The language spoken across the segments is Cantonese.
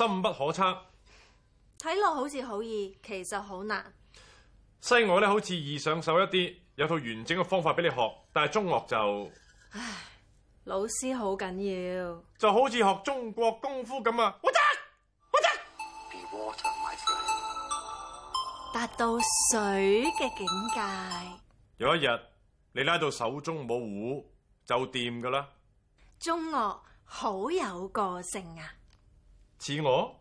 深不可測，睇落好似好易，其實好難。西樂咧好似易上手一啲，有套完整嘅方法俾你學，但係中樂就，唉，老師好緊要，就好似學中國功夫咁啊！活㗎，活㗎，達到水嘅境界，有一日你拉到手中冇胡就掂噶啦。中樂好有個性啊！似我，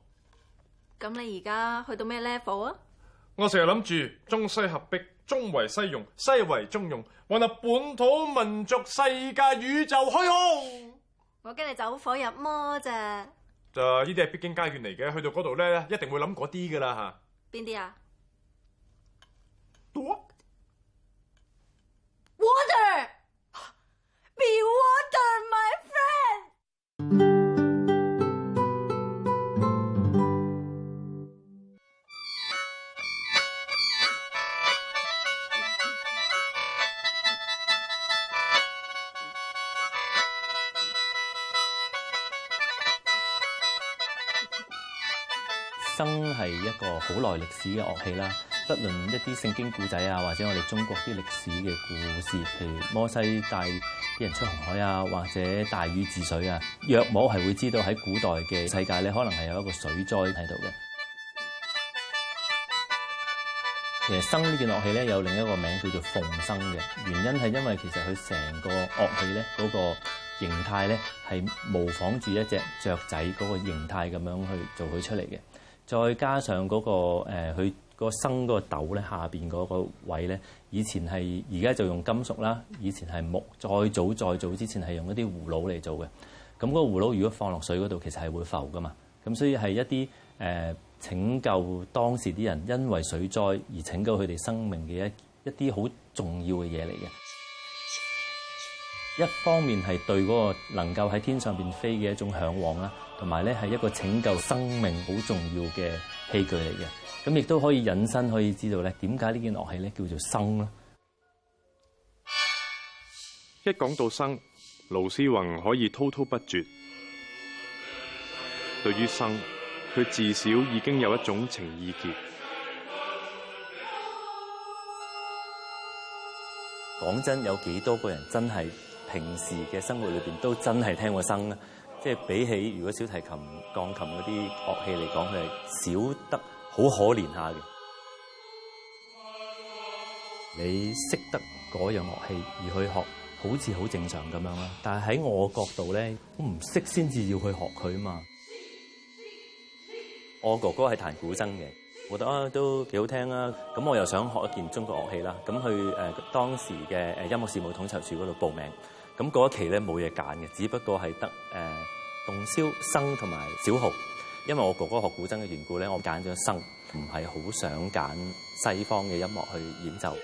咁你而家去到咩 level 啊？我成日諗住中西合璧，中為西用，西為中用，混入本土民族世界宇宙開號、嗯。我驚你走火入魔啫？就呢啲係必經階段嚟嘅，去到嗰度咧，一定會諗嗰啲噶啦吓。邊啲啊？多。古代歷史嘅樂器啦，不論一啲聖經故仔啊，或者我哋中國啲歷史嘅故事，譬如摩西帶啲人出紅海啊，或者大禹治水啊，若冇係會知道喺古代嘅世界咧，可能係有一個水災喺度嘅。其實笙呢件樂器咧，有另一個名叫做鳳笙嘅，原因係因為其實佢成個樂器咧，嗰個形態咧，係模仿住一隻雀仔嗰個形態咁樣去做佢出嚟嘅。再加上嗰、嗰個佢、呃、個生嗰個豆咧，下面嗰個位咧，以前係而家就用金屬啦，以前係木，再早再早之前係用一啲葫蘆嚟做嘅。咁、咁、嗰個葫蘆如果放落水嗰度，其實係會浮噶嘛。咁所以係一啲誒、呃、拯救當時啲人因為水災而拯救佢哋生命嘅一一啲好重要嘅嘢嚟嘅。一方面係對嗰個能夠喺天上邊飛嘅一種嚮往啦，同埋咧係一個拯救生命好重要嘅器具嚟嘅。咁亦都可以引申可以知道咧，點解呢件樂器咧叫做笙咧？一講到笙，盧思泓可以滔滔不絕。對於笙，佢自小已經有一種情意結。講真，有幾多個人真係？平時嘅生活裏邊都真係聽過笙咧，即係比起如果小提琴、鋼琴嗰啲樂器嚟講，佢係少得好可憐下嘅。你識得嗰樣樂器而去學，好似好正常咁樣啦。但係喺我角度咧，我唔識先至要去學佢嘛。我哥哥係彈古箏嘅，我覺得都幾好聽吖。咁我又想學一件中國樂器啦。咁去誒當時嘅誒音樂事務統籌處嗰度報名。咁嗰一期咧冇嘢揀嘅，只不過係得誒洞簫、笙同埋小號。因為我哥哥學古箏嘅緣故咧，我揀咗笙，唔係好想揀西方嘅音樂去演奏。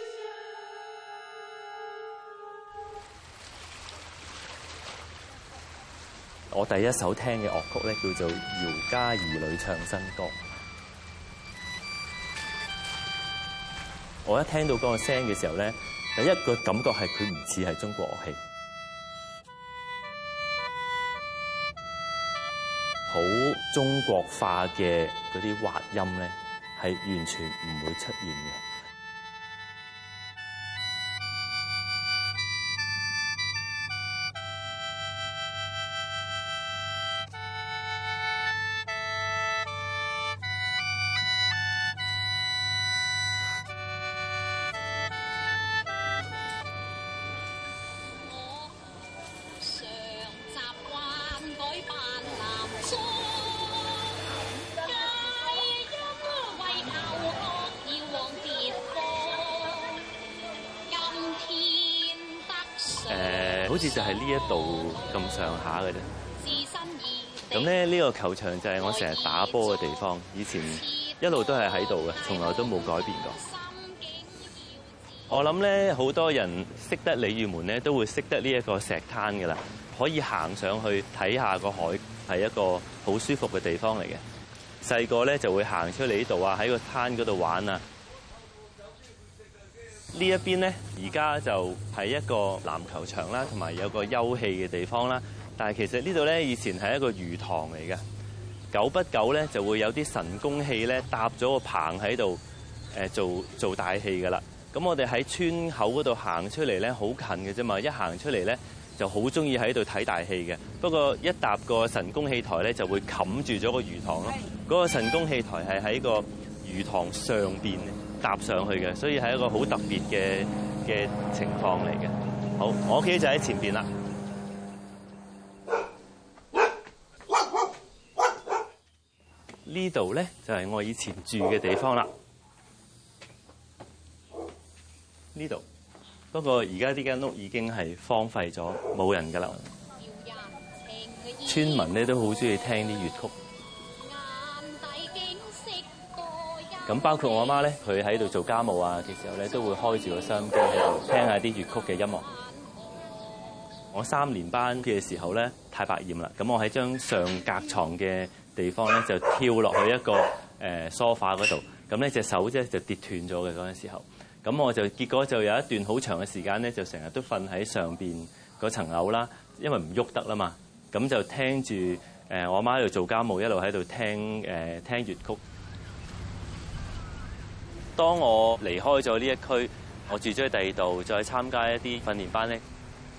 我第一首聽嘅樂曲咧叫做《姚家兒女唱新歌》。我一聽到嗰個聲嘅時候咧，第一個感覺係佢唔似係中國樂器。中國化嘅嗰啲滑音咧，係完全唔會出現嘅。好似就係呢一度咁上下嘅啫。咁咧呢個球場就係我成日打波嘅地方，以前一路都係喺度嘅，從來都冇改變過。我諗咧，好多人識得鯉魚門咧，都會識得呢一個石灘嘅啦。可以行上去睇下個海，係一個好舒服嘅地方嚟嘅。細個咧就會行出嚟呢度啊，喺個灘嗰度玩啊。呢一邊呢，而家就係一個籃球場啦，同埋有個休憩嘅地方啦。但係其實呢度呢，以前係一個魚塘嚟嘅。久不久呢，就會有啲神功戲呢搭咗個棚喺度，誒、呃、做做大戲噶啦。咁我哋喺村口嗰度行出嚟呢，好近嘅啫嘛。一行出嚟呢，就好中意喺度睇大戲嘅。不過一搭個神功戲台呢，就會冚住咗個魚塘咯。嗰的個神功戲台係喺個魚塘上邊。搭上去嘅，所以係一個好特別嘅嘅情況嚟嘅。好，我屋企就喺前邊啦。呢度咧就係我以前住嘅地方啦。呢度。不過而家呢間屋已經係荒廢咗，冇人㗎啦。村民咧都好鍾意聽啲粵曲。咁包括我阿媽咧，佢喺度做家務啊嘅時候咧，都會開住個收音機喺度聽下啲粵曲嘅音樂。我三年班嘅時候咧，太白厭啦。咁我喺張上隔牀嘅地方咧，就跳落去一個誒梳化嗰度。咁呢隻手啫就跌斷咗嘅嗰陣時候，咁我就結果就有一段好長嘅時間咧，就成日都瞓喺上面嗰層樓啦，因為唔喐得啦嘛。咁就聽住誒、呃、我阿媽喺度做家務，一路喺度聽誒、呃、聽粵曲。當我離開咗呢一區，我住咗喺第二度，再參加一啲訓練班咧，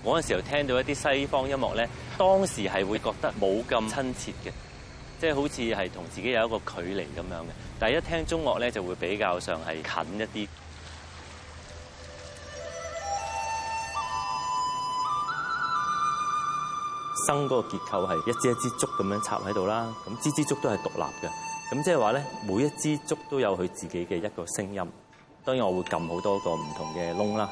嗰陣時候聽到一啲西方音樂咧，當時係會覺得冇咁親切嘅，即係好似係同自己有一個距離咁樣嘅。但係一聽中樂咧，就會比較上係近一啲。笙嗰個結構係一支一支竹咁樣插喺度啦，咁支支竹都係獨立嘅。咁即係話咧，每一支竹都有佢自己嘅一個聲音。當然，我會撳好多個唔同嘅窿啦，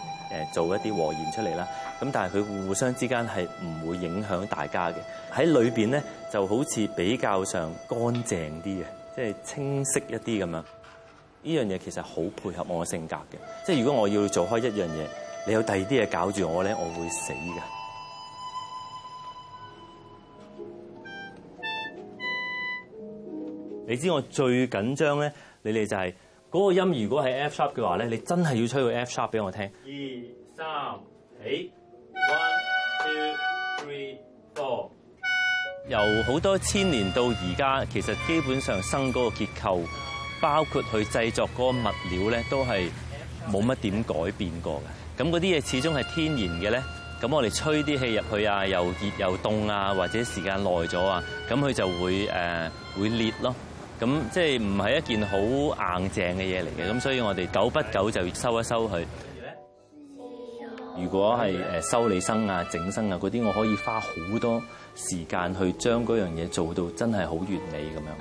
誒，做一啲和弦出嚟啦。咁但係佢互相之間係唔會影響大家嘅。喺裏面咧，就好似比較上乾淨啲嘅，即係清晰一啲咁樣。呢樣嘢其實好配合我性格嘅。即係如果我要做開一樣嘢，你有第二啲嘢搞住我咧，我會死㗎。你知我最緊張咧，你哋就係、是、嗰、那個音。如果喺 F sharp 嘅話咧，你真係要吹個 F sharp 俾我聽。二三起，one two three four。由好多千年到而家，其實基本上笙嗰個結構，包括佢製作嗰個物料咧，都係冇乜點改變過嘅。咁嗰啲嘢始終係天然嘅咧，咁我哋吹啲氣入去啊，又熱又凍啊，或者時間耐咗啊，咁佢就會誒、呃、會裂咯。咁即係唔係一件好硬淨嘅嘢嚟嘅，咁所以我哋久不久就收一收佢。如果係誒修理生啊、整生啊嗰啲，我可以花好多時間去將嗰樣嘢做到真係好完美咁樣。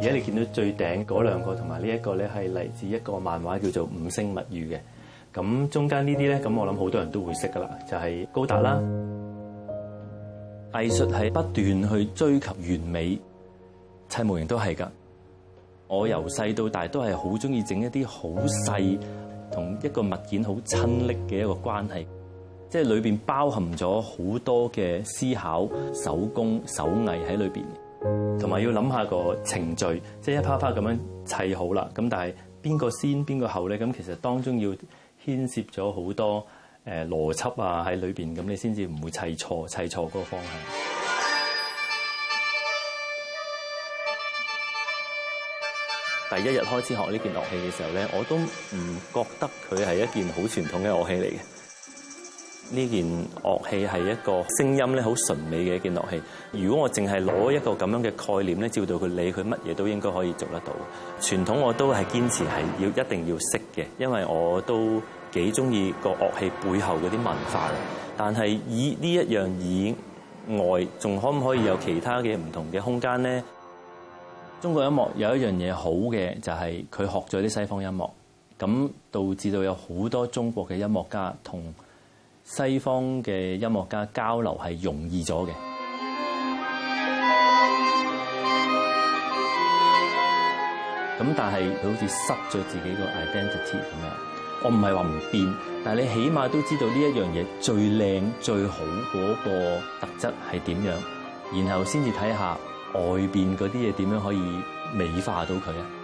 而家你見到最頂嗰兩個同埋呢一個咧，係嚟自一個漫畫叫做《五星物語》嘅。咁中間呢啲咧，咁我諗好多人都會識㗎啦，就係高達啦。藝術係不斷去追求完美，砌模型都係㗎。我由細到大都係好中意整一啲好細同一個物件好親暱嘅一個關係，即係裏邊包含咗好多嘅思考、手工、手藝喺裏邊，同埋要諗下個程序，即係一啪啪咁樣砌好啦。咁但係邊個先邊個後咧？咁其實當中要牽涉咗好多。誒邏輯啊，喺裏面咁，你先至唔會砌錯砌錯嗰個方向。 第一日開始學呢件樂器嘅時候咧，我都唔覺得佢係一件好傳統嘅樂器嚟嘅。呢件樂器係一個聲音咧，好純美嘅一件樂器。如果我淨係攞一個咁樣嘅概念咧，照到佢理佢乜嘢都應該可以做得到。傳統我都係堅持係要一定要識嘅，因為我都幾中意個樂器背後嗰啲文化。但係以呢一樣以外，仲可唔可以有其他嘅唔同嘅空間呢？中國音樂有一樣嘢好嘅就係佢學咗啲西方音樂，咁導致到有好多中國嘅音樂家同西方嘅音樂家交流係容易咗嘅，咁但係佢好似失咗自己個 identity 咁樣。我唔係話唔變，但係你起碼都知道呢一樣嘢最靚最好嗰個特質係點樣，然後先至睇下外邊嗰啲嘢點樣可以美化到佢啊。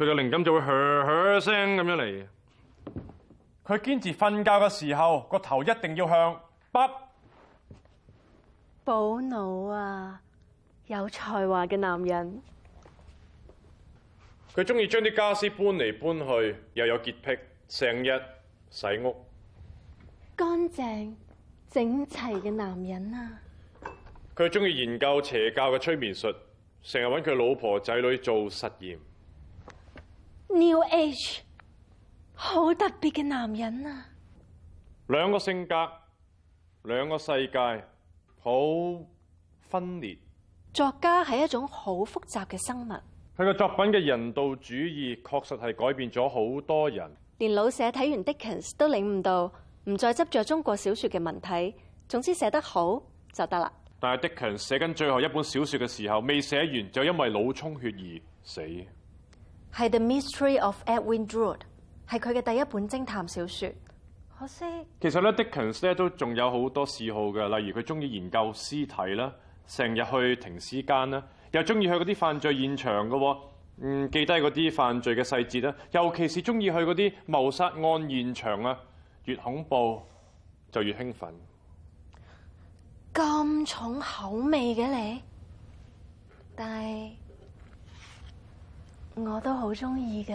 佢嘅靈感就會「呵呵」聲咁樣嚟。佢堅持瞓覺嘅時候個頭一定要向北。保腦啊！有才華嘅男人，佢中意將啲家私搬嚟搬去，又有潔癖，成日洗屋乾淨整齊嘅男人啊！佢中意研究邪教嘅催眠術，成日搵佢老婆仔女做實驗。New Age，好特別嘅男人啊！兩個性格，兩個世界，好分裂。作家係一種好複雜嘅生物。佢個作品嘅人道主義確實係改變咗好多人。連老舍睇完 Dickens 都領悟到，唔再執着中國小說嘅文體。總之寫得好就得啦。但係 Dickens 寫緊最後一本小說嘅時候，未寫完就因為腦充血而死。係《The Mystery of Edwin Drood》，係佢嘅第一本偵探小說。可惜，其實咧 Dickens 咧都仲有好多嗜好嘅，例如佢中意研究屍體啦，成日去停屍間啦，又中意去嗰啲犯罪現場嘅，嗯，記低嗰啲犯罪嘅細節啦，尤其是中意去嗰啲謀殺案現場啊，越恐怖就越興奮。咁重口味嘅你？但係。我都好中意噶，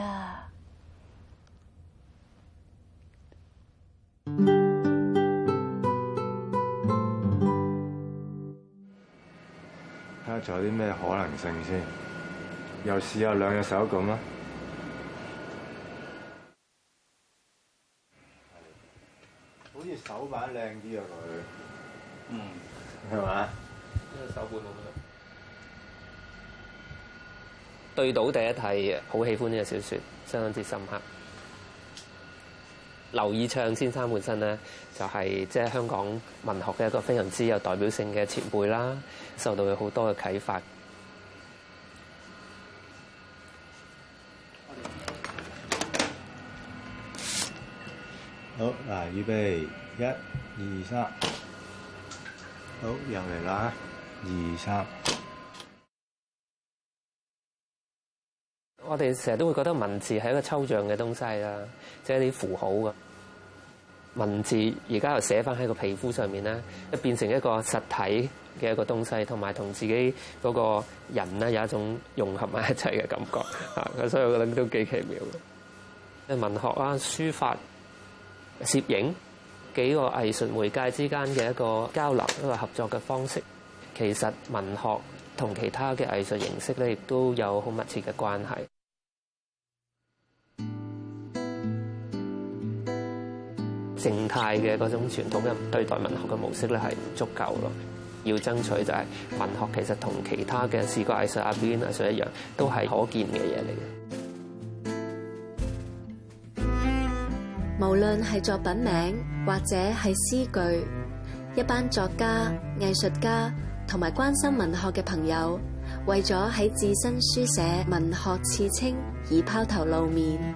睇下仲有啲咩可能性先，又試下兩隻手咁啦，好似手板靚啲啊佢，嗯係嘛，即係手部動作。對倒第一題，好喜歡呢個小說，相當之深刻。劉以鬯先生本身咧，就係即係香港文學嘅一個非常之有代表性嘅前輩啦，受到佢好多嘅啟發。好，嗱，預備，一、二、三。好，又嚟啦，二、三。我哋成日都會覺得文字係一個抽象嘅東西啦，即係啲符號嘅文字，而家又寫返喺個皮膚上面咧，即變成一個實體嘅一個東西，同埋同自己嗰個人咧有一種融合埋一齊嘅感覺。所以我覺得都幾奇妙嘅，文學啊、書法、攝影幾個藝術媒介之間嘅一個交流、一個合作嘅方式，其實文學同其他嘅藝術形式咧，亦都有好密切嘅關係。靜態嘅嗰種傳統嘅對待文學嘅模式咧，係唔足夠咯。要爭取就係文學其實同其他嘅視覺藝術入邊藝術一樣，都係可見嘅嘢嚟嘅。無論係作品名或者係詩句，一班作家、藝術家同埋關心文學嘅朋友，為咗喺自身書寫文學刺青而拋頭露面。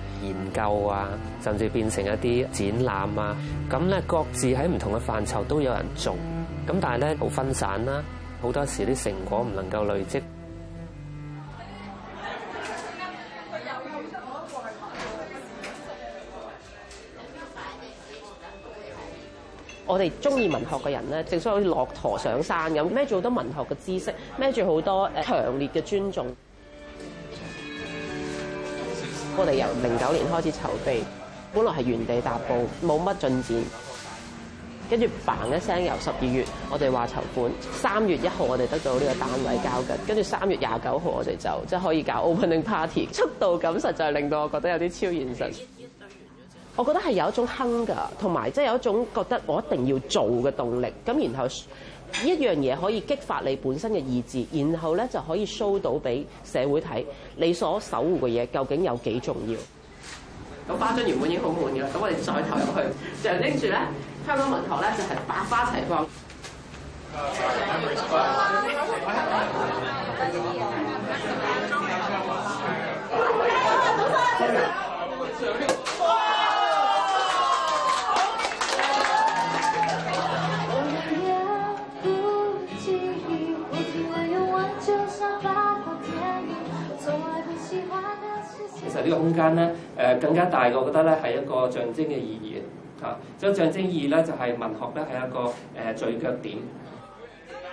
研究啊，甚至變成一啲展覽啊，咁咧各自喺唔同嘅範疇都有人做，咁但係咧好分散啦，好多時啲成果唔能夠累積。我哋中意文學嘅人咧，正所謂駱駝上山咁，孭住好多文學嘅知識，孭住好多誒強烈嘅尊重。我哋由零九年開始籌備，本來係原地踏步，冇乜進展。跟住砰一聲，由十二月我哋話籌款，三月一號我哋得到呢個單位交緊，跟住三月廿九號我哋就即係可以搞 opening party。速度感實在令到我覺得有啲超現實。 我覺得係有一種 hunger 㗎，同埋即係有一種覺得我一定要做嘅動力。咁然後，一樣嘢可以激發你本身嘅意志，然後咧就可以 show 到俾社會睇你所守護嘅嘢究竟有幾重要。咁 花樽原本已經好滿嘅，咁我哋再投入去，就拎住咧香港文學咧就係百花齊放，嘅空間咧，誒、呃、更加大，我覺得咧係一個象徵嘅意義嚇、啊。所以象徵意義咧就係、是、文學咧係一個誒、呃、聚腳點。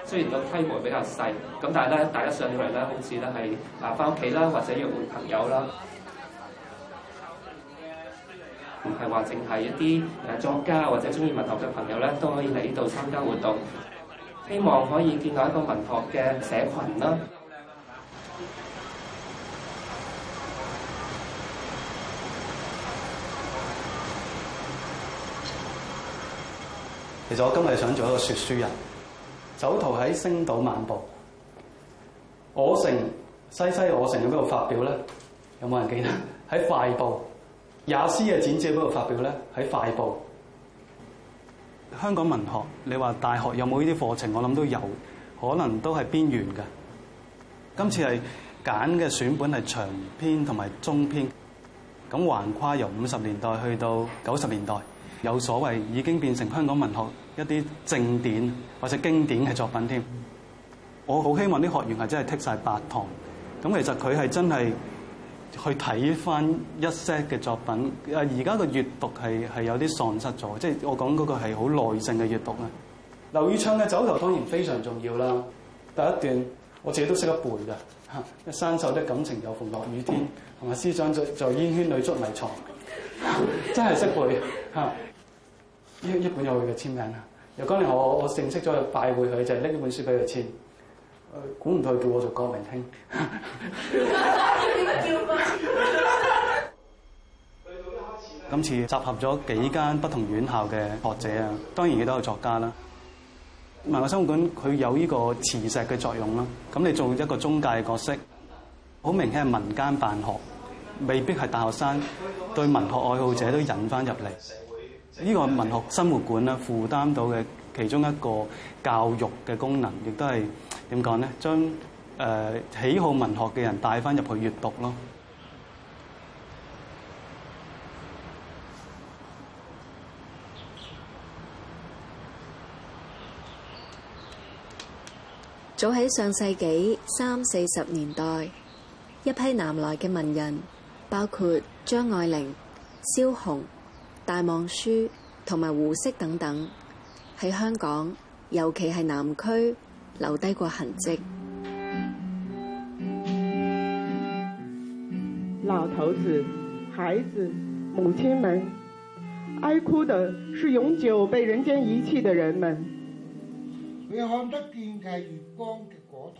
雖然個規模比較細，咁但係咧大家上到嚟咧，好似咧係啊返屋企啦，或者約會朋友啦，唔係話淨係一啲誒作家或者鍾意文學嘅朋友咧都可以嚟呢度參加活動。希望可以見到一個文學嘅社群啦。啊。其實我今日想做一個説書人，酒徒喺星島漫步，我城西西，我城喺邊度發表咧？有冇人記得？喺快報，也斯嘅剪紙喺度發表咧？喺快報。香港文學，你話大學有冇呢啲課程？我諗都有，可能都係邊緣嘅。今次係揀嘅選本係長篇同埋中篇，咁橫跨由五十年代去到九十年代。有所謂已經變成香港文學一啲正典或者經典嘅作品添，我好希望啲學員係真係剔晒八堂，咁其實佢係真係去睇翻一些嘅作品。誒，而家個閱讀係係有啲喪失咗，即係我講嗰個係好耐性嘅閱讀啦。劉以鬯嘅酒徒當然非常重要啦。第一段我自己都識得背㗎，一生銹的感情又逢落雨天，同埋思想在在煙圈裡捉迷藏。真係識背嚇，一一本有佢嘅簽名啦。又講你我，我認識咗去拜會佢，就拎本書俾佢簽。估唔到叫我做歌明星。今次集合咗幾間不同院校嘅學者啊，當然亦都有作家啦。文學生活館佢有呢個磁石嘅作用啦。咁你做一個中介嘅角色，好明顯係民間辦學。未必係大學生，對文學愛好者都引翻入嚟。呢個文學生活館咧，負擔到嘅其中一個教育嘅功能，亦都係點講咧？將誒喜好文學嘅人帶翻入去閱讀咯。早喺上世紀三四十年代，一批南來嘅文人。包括張愛玲、蕭紅、戴望舒同埋胡適等等，喺香港，尤其係南區留低過痕跡。老頭子、孩子、母親們，哀哭的是永久被人間遺棄的人們。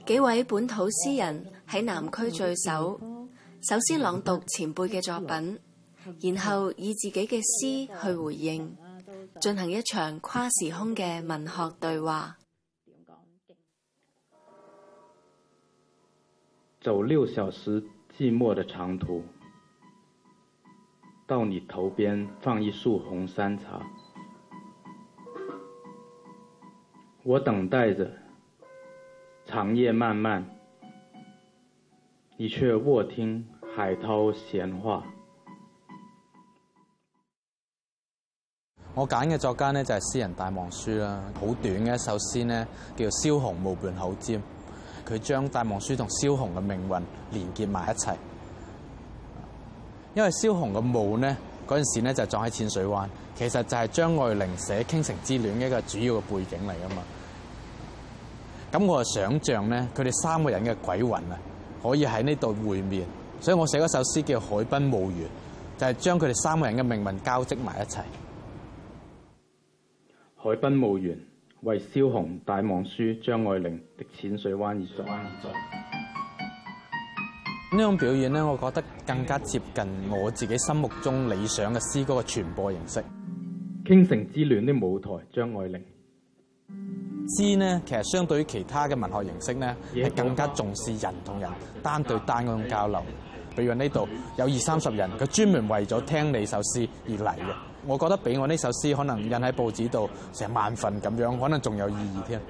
幾位本土詩人喺南區聚首，首先朗讀前輩嘅作品，然後以自己嘅詩去回應，進行一場跨時空嘅文學對話。走六小時寂寞嘅長途，到你頭邊放一束紅山茶，我等待着，長夜漫漫。你卻臥聽海濤閒話。我揀嘅作家呢就係詩人戴望舒啦，好短嘅一首詩呢，叫做《蕭紅墓畔口占》，佢將戴望舒同蕭紅嘅命運連結埋一齊。因為蕭紅嘅墓呢，嗰陣時呢就葬喺淺水灣，其實就係張愛玲寫《傾城之戀》一個主要嘅背景嚟噶嘛。咁我係想象呢，佢哋三個人嘅鬼魂啊。可以喺呢度會面，所以我寫嗰首詩叫《海濱墓園》，就係、是、將佢哋三個人嘅命運交織埋一齊。《海濱墓園》為蕭紅、戴望舒、張愛玲的《淺水灣》而作。呢種表演呢，我覺得更加接近我自己心目中理想嘅詩歌嘅傳播形式，《傾城之戀》的舞台張愛玲。詩呢，其實相對於其他嘅文學形式呢，係更加重視人同人單對單嘅交流的。比如話呢度有二三十人，佢專門為咗聽你首詩而嚟嘅。我覺得比我呢首詩可能印喺報紙度成萬份咁樣，可能仲有意義添。